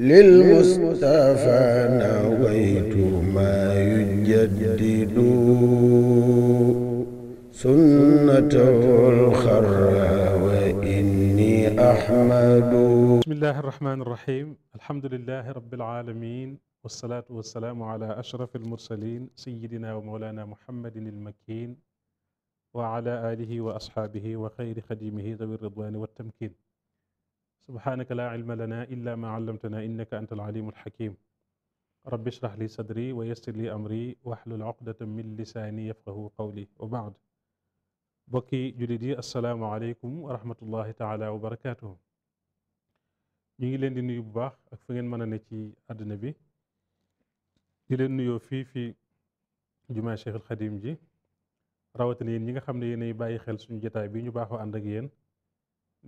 للمصطفى نويت ما يجدد سنته الخرى وإني أحمد بسم الله الرحمن الرحيم الحمد لله رب العالمين والصلاة والسلام على أشرف المرسلين سيدنا ومولانا محمد المكين وعلى آله وأصحابه وخير خديمه ذوي الرضوان والتمكين subhaanaka laa ilma lanaa illaa maa allamtanaa innaka anta al-aliimu al-hakiim rabbi shrah li sadri wa yassir li amri wahlul uqdatan min lisaani yafqahu qawli wa baad bokki jullit yi assalaamu aleykum wa rahmatullahi taala wa barakaatuhu ñu ngi leen di nuyu bu baax ak fu ngeen mën a ne ci àdduna bi di leen nuyoo fii fii jumaa Cheikh al Xadim ji rawatina yéen ñi nga xam ne yéenay bàyyi xel suñu jotaay bi ñu baaxoo ànd ak yéen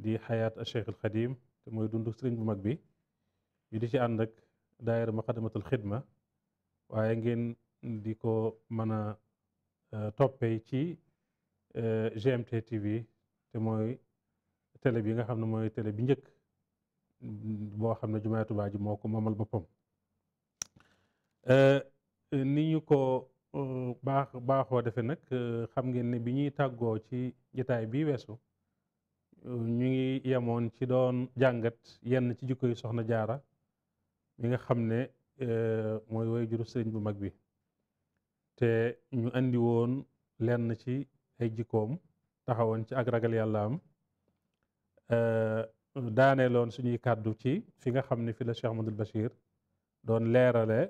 di xayaat Cheikh al Xadim te mooy dund sëriñ bu mag bi ñu di ci ànd ak daayira Muqaddamatul Xidma waaye ngeen di ko mën a e, toppee ci e, GMT TV te mooy télé bi nga xam ne mooy télé bi njëkk boo xam ne jumaay Tuubaa ji moo ko moomal boppam e, ni ñu ko baax baaxoo defee nag xam ngeen ne bi ñuy tàggoo ci jataay bi weesu ñu ngi yamoon ci doon jàngat yenn ci jikko yi soxna jaara mi nga xam ne e, mooy woy juru bu mag bi te ñu indi woon lenn ci ay jikkoom taxawoon ci ak ragal yàlla am e, daaneeloon suñuy kàddu ci fi nga xam ne fi la Cheikh Ahmadul doon leerale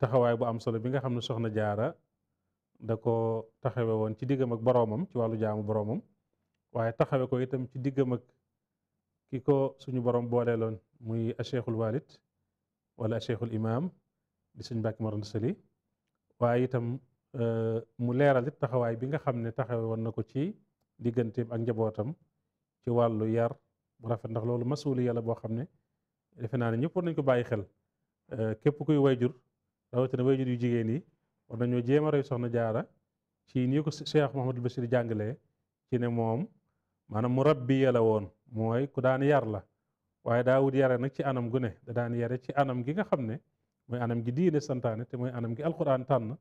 taxawaay bu am solo bi nga xam ne soxna jaara da ko taxawe woon ci diggam ak boroomam ci wàllu jaamu boroomam waaye taxawe ko itam ci diggam ak ki ko suñu borom booleeloon muy acheikhul walid wala acheikhul imam di suñ Mbàkke Mor Anta Sali waaye itam euh, mu leeral taxawaay bi nga xam ne taxawe woon na ko ci digganteem ak njabootam ci wàllu yar bu rafet ndax loolu masuuli yàlla boo xam ne defe naa ne ñëpp war nañ ko bàyyi xel euh, képp kuy wayjur rawatina wayjur yu jigéen yi war nañoo jéem a roy soxna jaara ci nii ko Cheikh Mouhamadul Bachir jàngalee ci ne moom maanaam murabbiya la woon mooy ku daan yar la waaye daa daawud yare nag ci anam gu ne yare ci anam gi nga xam ne mooy anam gi diine santaane te mooy anam gi alquran tànn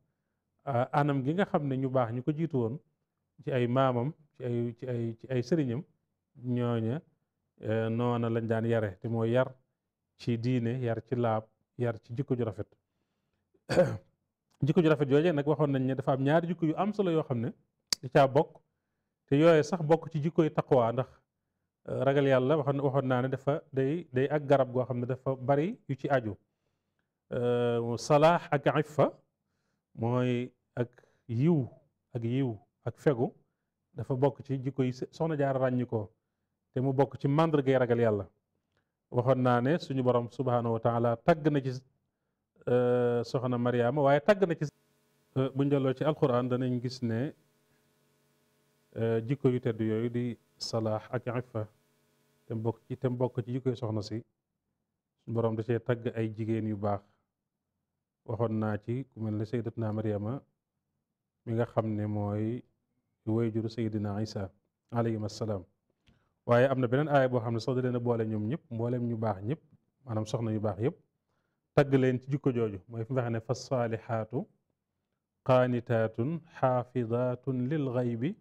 ah, anam gi nga xam ne ñu baax ñu ko jiitu woon ci ay maamam ci ay ci ay ci ay sëriñam ñooña eh, noona lañ daan yare te mooy yar ci diine yar ci laab yar ci jikko ju rafet jikko ju rafet joojee nag waxoon nañ ne dafa am ñaari jikko yu am solo yoo xam ne da caa bokk te yooye sax bokk ci jikko jikkoy taqwa ndax euh, ragal yàlla waxoon waxoon naa ne dafa day day ak garab goo xam ne dafa bari yu ci aju euh, salaax ak iffa mooy ak yiw ak yiw ak fegu dafa bokk ci jikko yi soxna jaar ràññi ko te mu bokk ci màndargay ragal yàlla waxoon naa ne suñu borom subhaanahu wa taala tagg na ci euh, soxna Mariama waaye tagg na ci buñ delloo ci alquran danañ gis ne Eh, jikko yu tedd yooyu di salaax ak ifa te mbokk ci mbokk ci jikko yu soxna si boroom da cee tagg ay jigéen yu baax waxoon naa ci ku mel ne sayyidatna Maryama mi nga xam ne mooy wayjuru sayyidina Isa alayhim assalaam waaye am na beneen aaya boo xam ne sax da boole ñoom ñëpp mbooleem ñu baax ñëpp maanaam soxna yu baax yëpp tagg leen ci jikko jooju mooy fi nga xam ne fa saalixaatu qaanitaatun xaafidaatun lil xaybi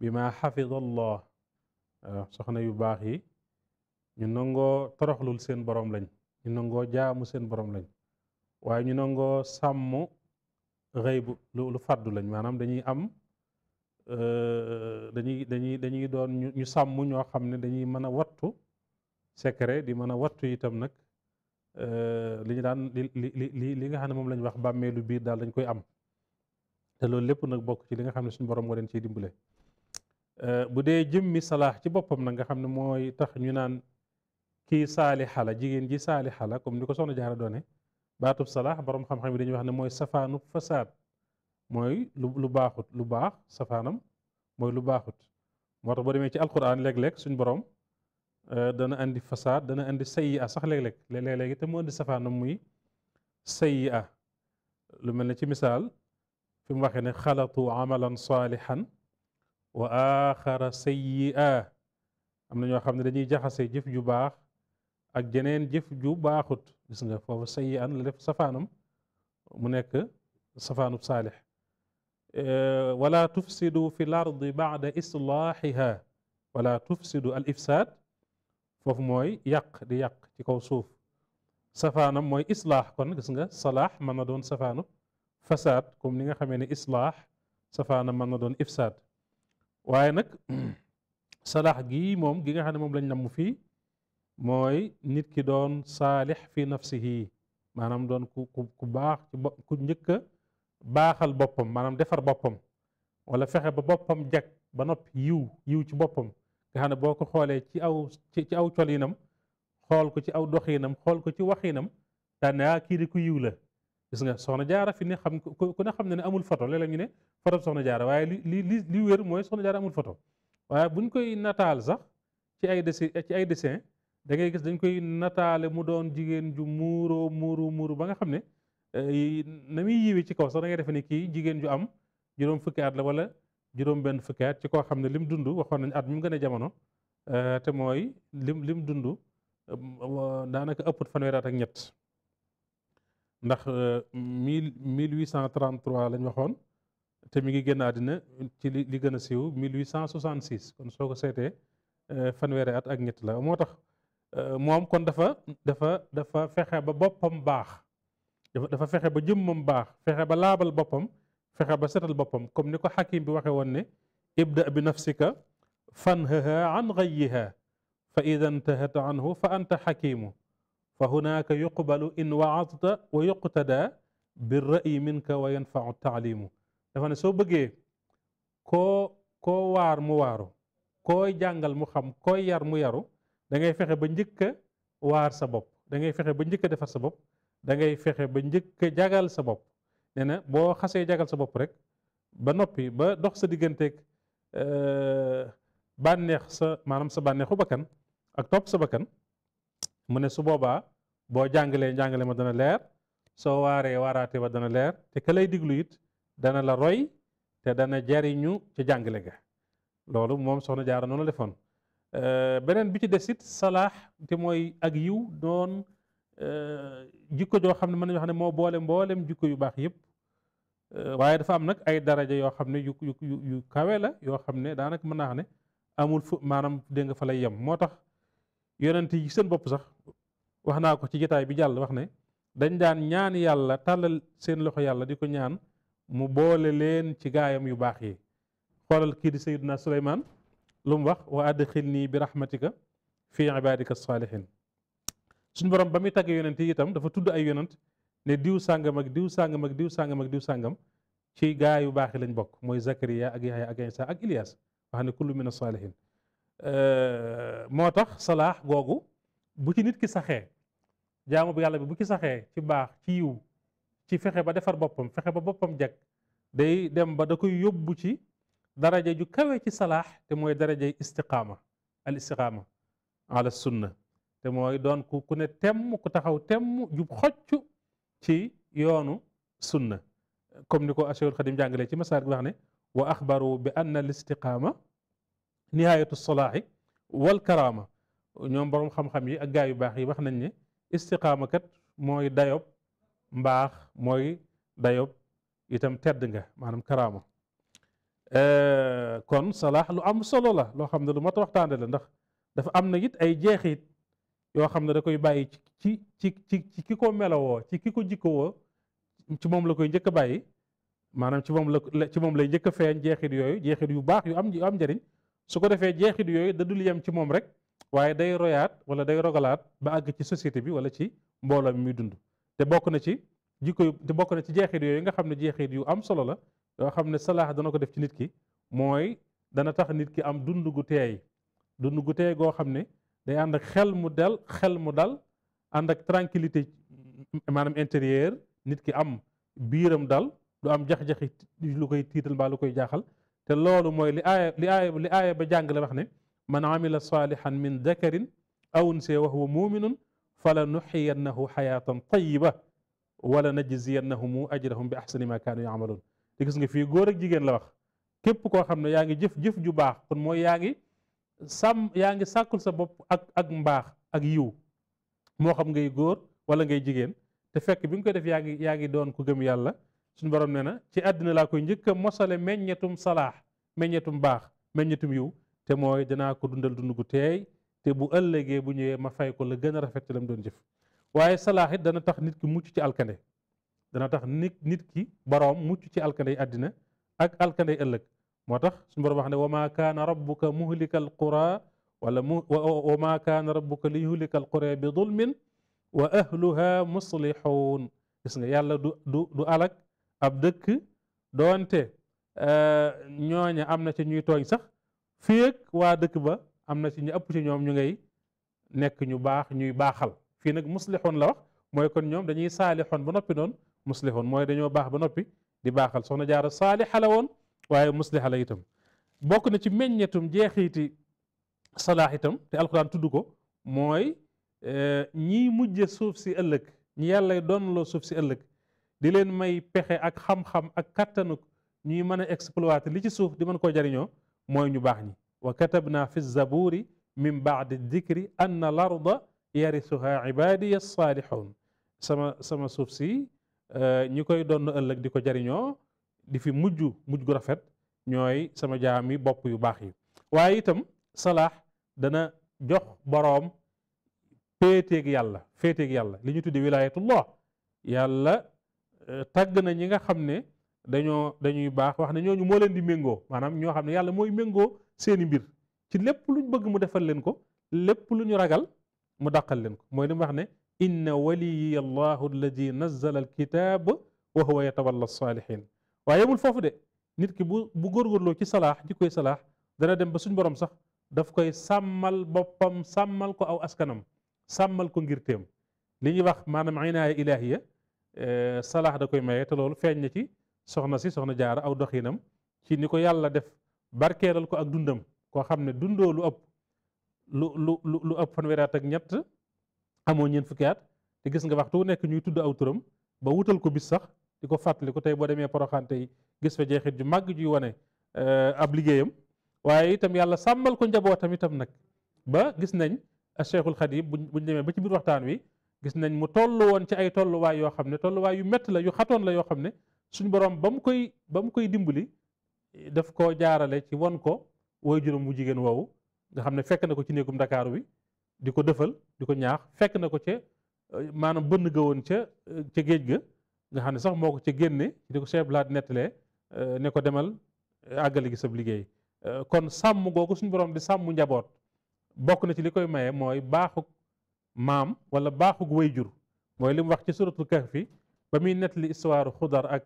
bi ma xafidallah soxna yu baax yi ñu nangoo toroxlul seen borom lañ ñu nangoo jaamu seen borom lañ waaye ñu nangoo sàmm xëy bu lu faddu lañ maanaam dañuy am euh, dañuy dañuy dañuy doon ñu sàmm ñoo xam ne dañuy mën a wattu secret di mën a wattu itam nag euh, li ñu daan li li li nga xam ne moom lañ wax bàmmeelu biir daal dañ koy am te loolu lépp nag bokk ci li nga xam ne suñu borom moo leen ciy dimbale Euh, bu dee jëmmi salaax ci boppam na nga xam ne mooy tax ñu naan kii saalixa la jigéen ji saalixa la comme ni ko soxna jaara doone baatub salaax borom xam-xam yi dañuy wax ne mooy safaanub fasaad mooy lu lu baaxut lu baax safaanam mooy lu baaxut moo tax boo demee ci alquran léeg-léeg suñ borom euh, dana indi fasaad dana indi sayi sax léeg-léeg léeg-léeg te mu andi safaanam muy sayi lu mel ne ci misaal fi mu waxee ne xalatu amalan saalihan wa axara sayyi'a am na ñoo xam ne dañuy jaxase jëf ju baax ak jeneen jëf ju baaxut gis nga foofu sayyi'an la def safaanam mu nekk safaanub saalix wala tufsidu fi l ardi ba'da islaaxiha wala tufsidu al ifsaad foofu mooy yàq di yàq ci kaw suuf safaanam mooy islaax kon gis nga salaax mën na doon safaanub fasaad comme ni nga xamee ne islaax safaanam mën na doon ifsad waaye nag hmm. salaax gi moom gi nga xam ne moom lañ namm fii mooy nit ki doon saalix fi nafsihi maanaam doon ku ku baax ci ku njëkk a baaxal boppam maanaam defar boppam wala fexe ba boppam jag ba noppi yiw yiw ci boppam nga xam ne boo ko xoolee ci aw ci aw colinam xool ko ci aw doxinam xool ko ci waxinam daan ne ah kii di ku yiw la gis nga soxna jaara fi ne xam ku ne xam ne ne amul foto léeg-léeg ñu ne foto soxna jaara waaye li li li wér mooy soxna jaara amul foto waaye buñ koy nataal sax ci ay dessin ci ay dessin da ngay gis dañ koy nataale mu doon jigéen ju muuroo muuru muuru ba nga xam ne eh, na muy yiwee ci kaw sax dangay ngay defe ne kii jigéen ju am juróom fukki at la wala juróom benn fukki at ci koo xam ne lim dundu waxoon nañ at mi mu gën a jamono eh, te mooy lim lim dund eh, daanaka ëpput fanweeri at ak ñett ndax euh, mille mille huit cent trente trois lañ waxoon te mi ngi génn àddina ci li li gën a siiw mille huit cent soixante six kon soo ko seetee euh, fanweeri at ak ñett la moo tax euh, moom kon dafa dafa dafa fexe ba boppam baax dafa fexe ba jëmmam baax fexe ba laabal boppam fexe ba setal boppam comme ni ko xakim bi waxe woon ne ibda bi nafsika fanhaha an ghayyiha fa ida intahat anhu fa anta xakimu fa hunaaka yuqbalu in waadta wa yuqtada bir rayi minka wa yanfau taalimu dafa ne soo bëggee koo koo waar mu waaru kooy jàngal mu xam kooy yar mu yaru da ngay fexe ba njëkk a waar sa bopp da ngay fexe ba njëkk a defar sa bopp da ngay fexe ba njëkka a jagal sa bopp nee na boo xasee jagal sa bopp rek ba noppi ba dox sa digganteeg euh, bànneex sa maanaam sa bànneexu bakkan ak topp sa bakkan mu ne su boobaa boo jàngalee njàngale ma dana leer soo waaree waaraate ba dana leer te ka lay diglu it dana la roy te dana jariñu ci jàngale ga loolu moom soxna jaara noonu la defoon euh, beneen bi ci des it salaax te mooy ak yiw doon euh, jikko joo xam ne mën nañu wax ne moo boole mboolem jikko yu baax yëpp euh, waaye dafa am nag ay daraja yoo xam ne yu yu yu kawe la yoo xam ne daanaka mën naa wax ne amul fu maanaam dégg nga fa lay moo tax yonent yi seen bopp sax wax naa ko ci jotaay bi jàll wax ne dañ daan ñaan yàlla tàllal seen loxo yàlla di ko ñaan mu boole leen ci gaayam yu baax yi xoolal kii di sayyiduna Suleymaan lu mu wax wa nii bi rahmatika a ibadika saalihin suñ borom ba muy tagg yonent yi itam dafa tudd ay yonent ne diw sàngam ak diw sàngam ak diw sàngam ak diw sàngam ci gaay yu baax yi lañ bokk mooy Zakariya ak Yahya ak Isa ak Ilyas wax ne kullu min as-saalihin Euh, moo tax salaax googu bu ci nit ki saxee jaamu bi yàlla bi bu ci saxee ci baax ci yiw ci fexe ba defar boppam fexe ba boppam jag day dem ba da koy yóbbu ci daraja ju kawe ci salaax te mooy daraja istiqaama al istiqaama ala sunna te mooy doon ku ku ne temm ku taxaw temm ju xocc ci yoonu sunna comme ni ko Cheikhul Khadim jàngalee ci masaar bi ne wa axbaru bi anna al istiqaama nihaayatu salaaxi wal karaama ñoom boroom xam-xam yi ak gaa yu baax yi wax nañ ne istiqaama kat mooy dayob mbaax mooy dayob itam tedd nga maanaam karaama eh, kon salaax lu am solo la loo xam ne lu mat a la ndax dafa am na it ay jeexiit yoo xam ne da koy bàyyi ci ci ci ci ki ko melowoo ci ki ko jikkowoo ci moom la koy njëkk bàyyi maanaam ci moom la ci moom lay njëkk a feeñ jeexit yooyu jeexit yu baax yu am yu am njëriñ su ko defee jeexit yooyu da dul yem ci moom rek waaye day royaat wala day rogalaat ba àgg ci société bi wala ci mbooloo mi muy dund te bokk na ci jikko te bokk na ci jeexit yooyu nga xam ne jeexit yu am solo la yoo xam ne salaax dana ko def ci nit ki mooy dana tax nit ki am dund gu teey dund gu teey goo xam ne day ànd ak xel mu dal xel mu dal ànd ak tranquillité maanaam intérieur nit ki am biiram dal du am jax-jaxi lu koy tiital mbaa lu koy jaaxal te loolu mooy li aaya li aaya li aaya ba jàng la wax ne man amila saalihan min dakarin aw unsiya wa huwa muminun fala nuxiyannahu xayaatan tayiba wala najziyannahumu ajrahum bi axsani ma kaanu yaamaluun te gis nga fii góor ak jigéen la wax képp koo xam ne yaa ngi jëf jëf ju baax kon mooy yaa ngi sàmm yaa ngi sàkkul sa bopp ak ak mbaax ak yiw moo xam ngay góor wala ngay jigéen te fekk bi nga ko def yaa ngi yaa ngi doon ku gëm yàlla suñu borom nee na ci àddina laa koy njëkk a mosale meññetum salaax meññetum baax meññetum yiw te mooy danaa ko dundal dund gu teey te bu ëllëgee bu ñëwee ma fay ko la gën a rafet ci mu doon jëf waaye salaax it dana tax nit ki mucc ci alkande dana tax nit nit ki boroom mucc ci alkande àddina ak alkande ëllëg moo tax suñu borom wax ne wa maa kaana rabbuka muhlika al qura wala mu wa maa kaana rabbuka li yuhlika al qura bi dulmin wa ahluha muslihun gis nga yàlla du du du alak ab dëkk doonte eh, ñooña am na ci ñuy tooñ sax fii waa dëkk ba am na ci ñu ëpp ci ñoom ñu ngay nekk ñu baax ñuy baaxal fii nag muslixoon la wax mooy kon ñoom dañuy saalixoon ba noppi doon muslixoon mooy dañoo baax ba noppi di baaxal soxna jaara saalixa la woon waaye muslixa la itam bokk na ci meññetum jeexiiti salaax itam te alquran tudd ko mooy eh, ñiy mujje suuf si ëllëg ñi yàlla doon loo suuf si ëllëg di leen may pexe ak xam-xam ak kattanuk ñuy mën a exploiter li ci suuf di man koo jariñoo mooy ñu baax ñi wa katabna fi zaburi min baadi dikri anna al arda yarisuha ibadiya alsaalihun sama sama suuf si euh, ñi koy doon ëllëg di ko jariñoo di fi mujj mujj gu rafet ñooy sama jaam yi bopp yu baax yi waaye itam salaax dana jox boroom féeteeg yàlla féeteeg yàlla li ñu tuddi wilaayatullah yàlla Euh, tàgg na ñi nga xam ne dañoo dañuy baax wax ne ñooñu moo leen di méngoo maanaam ñoo xam ne yàlla mooy méngoo seeni mbir ci lépp luñ bëgg mu defal leen ko lépp lu ñu ragal mu daqal leen ko mooy li mu wax ne inna waliyi allahu alladi nazzala alkitab wa huwa yatawalla saalihin waaye yemul foofu de nit ki bu bu góorgóorloo ci salaax ji koy dana dem ba suñ borom sax daf koy sàmmal boppam sàmmal ko aw askanam sàmmal ko ngir téem li ñuy wax maanaam inaaya ilaahiya Eh, salaax da koy maye te loolu feeñ na ci soxna si soxna jaara aw doxinam ci ni ko yàlla def barkeelal ko ak dundam koo xam ne dundoo lu ëpp lu lu lu ëpp fanweeri ak ñett amoo ñeent fukki at te gis nga waxtu nekk ñuy tudd aw turam ba wutal ko bis sax di ko fàttali ko tey boo demee poroxante yi gis fa jeexit ju màgg juy wane eh, ab liggéeyam waaye itam yàlla sàmmal ko njabootam itam nag ba gis nañ a eh, Cheikhul Khadim buñ demee ba ci biir waxtaan wi gis nañ mu toll woon ci ay tolluwaay yoo xam ne tolluwaay yu métti la yu xatoon la yoo xam ne suñ boroom ba mu koy ba mu koy dimbali daf koo jaarale ci won ko woy juróom wu jigéen woowu nga xam ne fekk na ko ci néegum ndakaaru bi di ko dëfal di ko ñaax fekk na ko ca euh, maanaam bënn ga woon ca euh, ca géej ga nga xam ne sax moo ko ca génne di ko Cheikh Blad nettalee euh, ne ko demal àggale gi sab liggéey kon sàmm googu suñu borom di sàmm njaboot bokk na ci li koy maye mooy baaxu maam wala baaxuk way jur mooy li mu wax ci suratul kahfi ba muy nettali histoire xudar ak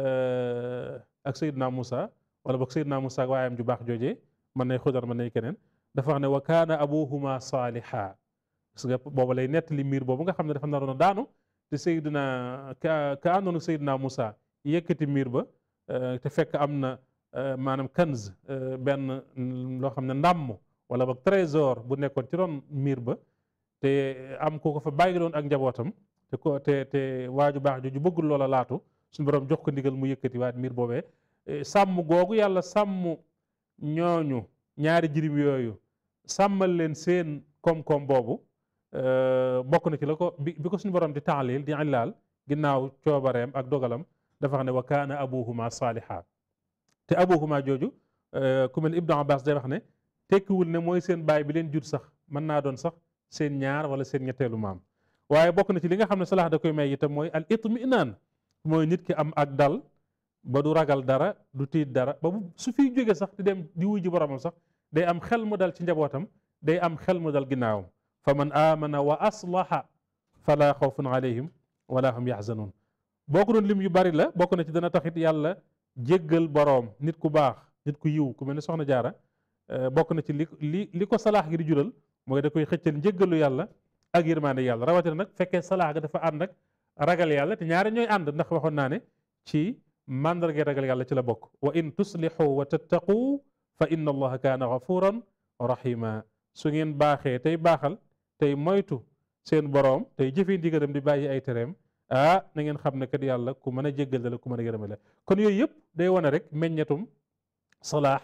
euh, ak Seydina Moussa wala boog Seydina Moussa waayam ju baax jooje mën nay xudar mën nay keneen dafa wax ne wa kaana abuhuma saaliha parce que booba lay nettali miir boobu nga xam ne dafa naroon a daanu te Seydina ka ka àndoon Seydina Moussa yëkkati miir ba euh, te fekk am na euh, maanaam kanz benn loo xam ne ndàmm wala boog trésor bu nekkoon ci ron miir ba te eh, am ku ko fa bàyyi loon ak njabootam te ko te te waaju baax jooju bëggul loola laatu suñu borom jox ko ndigal mu yëkkati waat mbir boobe eh, sàmm googu yàlla sàmm ñooñu ñaari jirim yooyu sàmmal leen seen koom-koom boobu eh, bokk na ci la ko bi ko suñu borom di taalil di laal ginnaaw coobareem ak dogalam dafa xam ne wa kaana abuhuma saaliha te abuhuma jooju ku mel ibnu abbas day wax ne tekkiwul ne mooy seen baay bi leen jur sax mën naa doon sax seen ñaar wala seen ñetteelu maam waaye bokk na ci li nga xam ne salaax da koy may itam mooy al itminaan mooy nit ki am ak dal ba du ragal dara du tiit dara ba bu su fi jóge sax di dem di wuy ji sax day am xel mu dal ci njabootam day am xel mu dal ginnaawam fa man amana wa aslaha fala xawfun alayhim wala hum yaxzanuun boo ko doon lim yu bari la bokk na ci dana taxit yàlla jéggal boroom nit ku baax nit ku yiw ku mel ne soxna jaara eh, bokk na ci li li li ko salaax gi di mooy da koy xëccal njëggalu yàlla ak yërmaande yàlla rawatina nag fekkee salaax ga dafa ànd ak ragal yàlla te ñaari ñooy ànd ndax waxoon naa ne ci màndargay ragal yàlla ci la bokk wa in tuslixu wa tattaqu fa inna allaha kaana gafuran rahima su ngeen baaxee tey baaxal tey moytu seen boroom tey jëfee ndigalam di bàyyi ay tereem ah na ngeen xam ne kat yàlla ku mën a jéggal la ku mën a yërëme la kon yooyu yëpp day wane rek meññetum salaax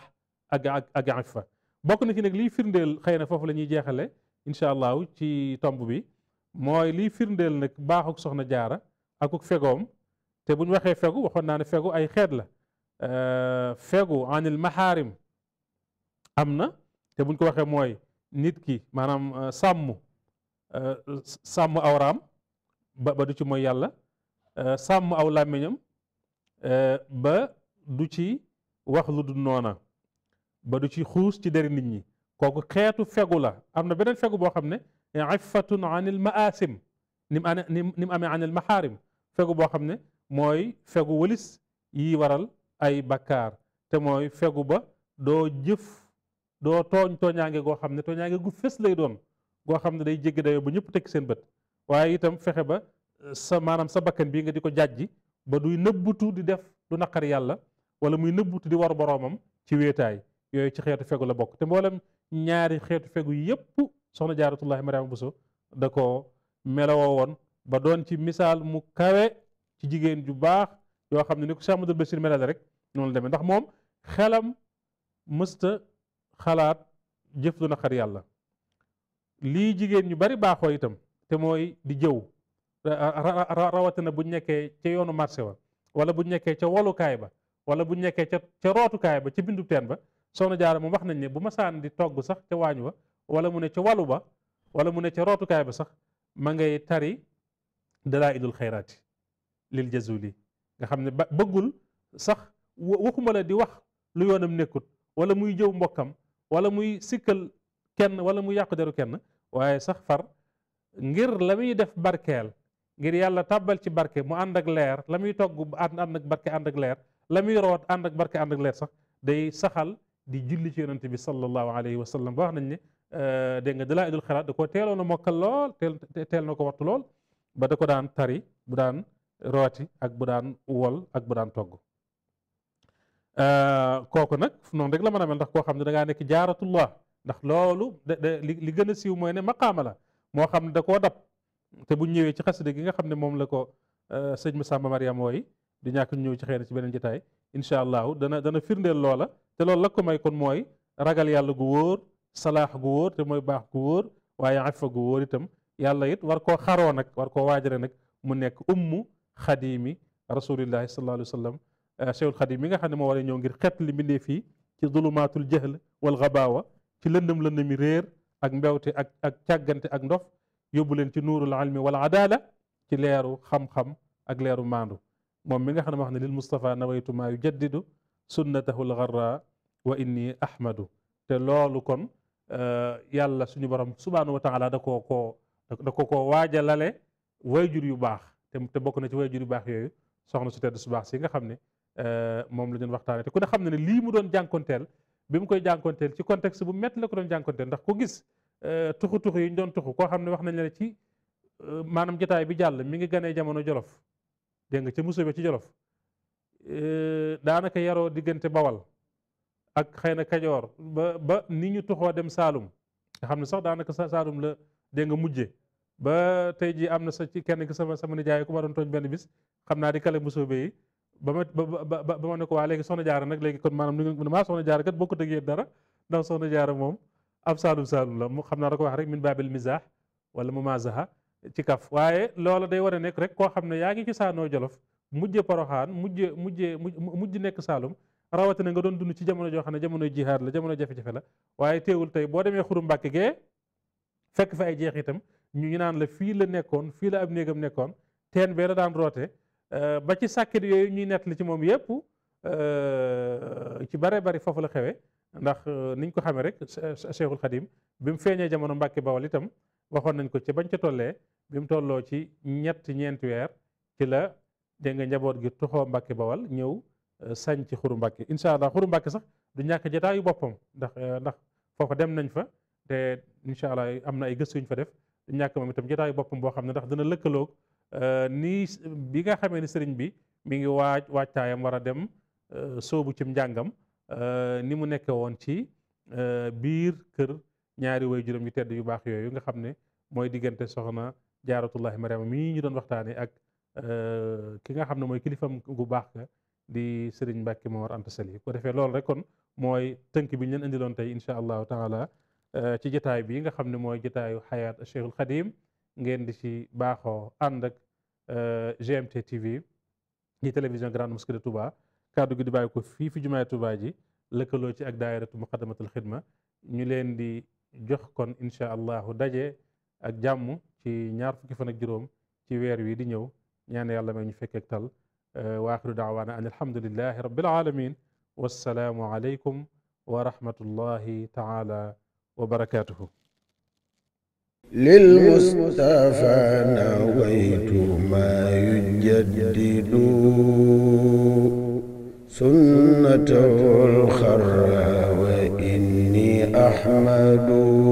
ak ak a afifa bokk na ki nag lii firndeel xëy na foofu la ñuy jeexale incha allahu ci tomb bi mooy liy firndeel nag baaxuk soxna jaara akuk fegoom te bu waxee fegu waxoon naa ne fegu ay xeet la fegu anil maxaarim am na te buñ ko waxee mooy nit ki maanaam sàmm sàmm awraam ba du ci mooy yàlla sàmm aw làmmiñam ba du ci wax lu dul noona ba du ci xuus ci deri nit ñi kooku xeetu fegu la am na beneen fegu boo xam ne iffatun an il maasim ni mu ni mu amee an il maxaarim boo xam ne mooy fegu wëlis yi waral ay bakkaar te mooy fegu ba doo jëf doo tooñ tooñaange goo xam ne tooñaange gu fës lay doon goo xam ne day jéggi dayoo ba ñëpp tekki seen bët waaye itam fexe ba sa maanaam sa bakkan bii nga di ko jàjji ba duy nëbbutu di def lu naqar yàlla wala muy nëbbutu di war boroomam ci wéetaay yooyu ci xeetu fegu la bokk te mboolem ñaari xeetu fegu yépp soxna jaaratullahi bu so da ko melowoo woon ba doon ci misaal mu kawe ci jigéen ju baax yoo xam ne ni ko Cheikh Amadou Bachir rek noonu la demee ndax moom xelam mësta xalaat jëf lu naqar yàlla lii jigéen ñu bari baaxoo itam te mooy di jëw rawatina bu nekkee ca yoonu marché wa wala bu nekkee ca wolukaay ba wala bu nekkee ca ca rootukaay ba ca bindu teen ba soxna jaara moom wax nañ ne bu ma masaan di togg sax ca waañ wa wala mu ne ca walu ba wala mu ne ca rootukaay ba sax ma ngay tari dalailul xayraati lil jazuli nga xam ne ba bëggul sax waxuma la di wax lu yoonam nekkut wala muy jëw mbokkam wala muy sikkal kenn wala mu yàqu deru kenn waaye sax far ngir la muy def barkeel ngir yàlla tàbbal ci barke mu ànd ak leer la muy togg ànd ànd ak barke ànd ak leer la muy root ànd ak barke ànd ak leer sax day di julli ci yonante bi sallallahu alayhi wa sallam ba wax nañ ne euh, dégg nga dalaa idul xiraat da ko teeloon a mokkal lool teel na ko waxtu lool ba da ko daan tari bu daan rooti ak bu daan wol ak bu daan togg euh, kooku nag noon rek la mën a mel ndax koo xam ne da nekk jaaratullah ndax loolu da da li gën a siiw mooy ne maqaama la moo xam ne da koo dab te bu ñëwee ci xasida gi nga xam ne moom la ko euh, sëñ Massamba Mariam wooyi du ñàkk ñëw ci xëy na ci beneen jotaay incha allahu dana dana firndeel loola te loolu la ko may kon mooy ragal yàlla gu wóor salaax gu wóor te mooy baax gu woor waaye afa gu wóor itam yàlla it war koo xaroo nag war koo waajare nag mu nekk ummu xadimi rasulillahi sallallahu alayhi wa sallam eh, cheikhul xadim mi nga xam ne moo war a ñëw ngir xet li mbindee fii ci zulumaatul jahl wal xabaawa ci lëndëm lëndëmi réer ak mbewte ak ak càggante ak ndof yóbbu leen ci nuurul almi wal adala ci leeru xam-xam ak leeru maandu moom mi nga xam ne moo ne lil Mustafa nawaytu maa yu sunnatahu lgarra wa inni ahmadu te loolu kon euh, yàlla suñu borom subhaanahu wa taala da koo koo da ko koo waajalale wayjur yu baax te te bokk na ci wayjur yu baax yooyu soxna su tedd su baax si nga xam ne euh, moom la ñu waxtaane te ku ne xam ne ne lii mu doon jànkonteel bi mu koy jànkonteel ci contexte bu métti la ko doon jànkonteel ndax ko gis euh, tuxu tuxu yi ñu doon tuxu koo xam ne wax nañ la ci maanaam jotaay bi jàll mi ngi ganee jamono jolof dégg nga ca musóobe ci jolof daanaka yaroo diggante bawal ak xëy na kajoor ba ba ni ñu tuxoo dem saalum xam ne sax daanaka saalum la dégg nga mujje ba tey jii am na sa ci kenn ki sama sama nijaay ku ma doon tooñ benn bis xam naa di kale musóobe yi ba ma ba ba ma ne ko waa léegi soxna jaara nag léegi kon maanaam ni nga maa soxna jaara kat bokkut ak yéen dara ndax soxna jaara moom ab saalum saalum la mu xam naa da ko wax rek min baabil mizaax wala mu maazaha ci kaf waaye loola day war a nekk rek koo xam ne yaa ngi ci saanoo jolof mujje Poroxaan mujje mujje mujj nekk Saalum rawatina nga doon dund ci jamono joo xam ne jamono jihaad la jamono jafe-jafe la waaye teewul tey boo demee xuru Mbàkke gee fekk fa ay jeex itam ñu ñu naan la fii la nekkoon fii la ab néegam nekkoon teen bee la daan roote euh, ba ci sàkket yooyu ñuy nettali ci moom yépp euh, ci bare bari foofu la xewe ndax euh, niñ ko xamee rek Cheikhul Khadim bi mu feeñee jamono Mbàkke Bawol itam waxoon nañ ko ci bañ ca tollee bi mu tolloo ci ñett ñeenti weer ci la dégg nga njaboot gi tuxoo Mbàkke Bawal ñëw euh, sañ ci xuru Mbàkke incha allah xuru Mbàkke sax du ñàkk jataayu boppam ndax euh, ndax foofa dem nañ fa te incha am na ay gëstu yuñ fa def du ñàkk moom itam jataayu boppam boo xam ne ndax dina lëkkaloog euh, nii bi nga xamee ne sëriñ bi mi ngi waaj waajtaayam war a dem soobu cim njàngam ni mu nekke woon ci biir kër ñaari way juróom yu tedd yu baax yooyu nga xam ne mooy diggante soxna jaaratullahi mariama mii ñu doon waxtaane Euh, ki nga xam ne mooy kilifam gu baax ka di Serigne Mbacke Mor Anta Sali ko defee loolu rek kon mooy tënk bi ñu leen indiloon tey incha allahu taala euh, ci jotaay bi nga xam ne mooy jotaayu xayaat Cheikhul Khadim ngeen di ci baaxoo ànd ak euh, GMT TV di télévision Grande Mosquée de Touba kaddu gi di bàyyi ko fii fi jumaay Touba ji lëkkaloo ci ak daayiratu muqaddamatul xidma ñu leen di jox kon incha allahu daje ak jàmm ci ñaar fukki fan juróom ci weer wii di ñëw. ñaan yàlla may ñu fekk ak tal eh, wa axiru daawaana an alhamdulillahi rabbil alamin wassalaamu aleykum wa rahmatullahi taala wa barakatuhu للمصطفى نويت ما يجدد سنته الخرى وإني أحمد